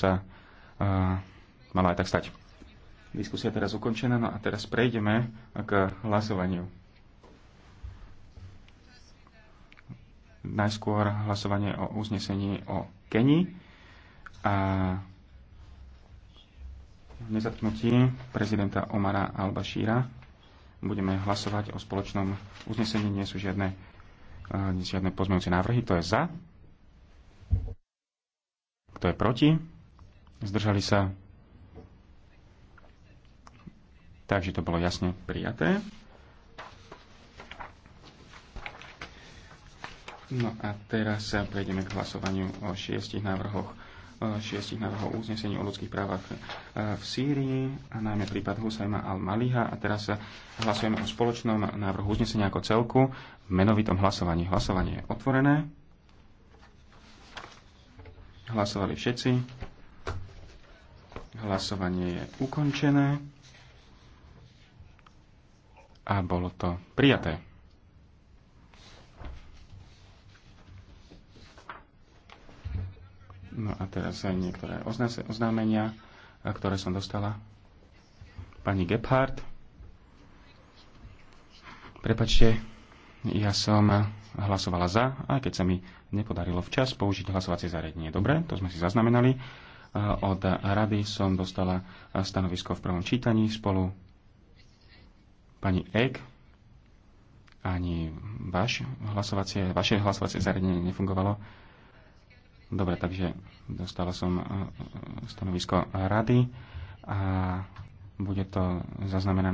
sa a, mala aj tak stať. Diskusia teraz ukončená, no a teraz prejdeme k hlasovaniu. Najskôr hlasovanie o uznesení o Keni a nezatknutí prezidenta Omara al-Bashíra. Budeme hlasovať o spoločnom uznesení. Nie sú žiadne, žiadne pozmejúce návrhy. To je za. Kto je proti? zdržali sa. Takže to bolo jasne prijaté. No a teraz sa prejdeme k hlasovaniu o šiestich návrhoch šiestich návrhov uznesení o ľudských právach e, v Sýrii a najmä prípad Husajma al-Maliha. A teraz sa hlasujeme o spoločnom návrhu uznesenia ako celku v menovitom hlasovaní. Hlasovanie je otvorené. Hlasovali všetci. Hlasovanie je ukončené a bolo to prijaté. No a teraz aj niektoré oznámenia, ktoré som dostala. Pani Gebhardt. Prepačte, ja som hlasovala za, aj keď sa mi nepodarilo včas použiť hlasovacie zariadenie. Dobre, to sme si zaznamenali. Eh, od rady som dostala eh, stanovisko v prvom čítaní spolu pani Ek. Ani vaš hlasovacie, vaše hlasovacie zariadenie nefungovalo. Dobre, takže dostala som eh, stanovisko rady a bude to zaznamenané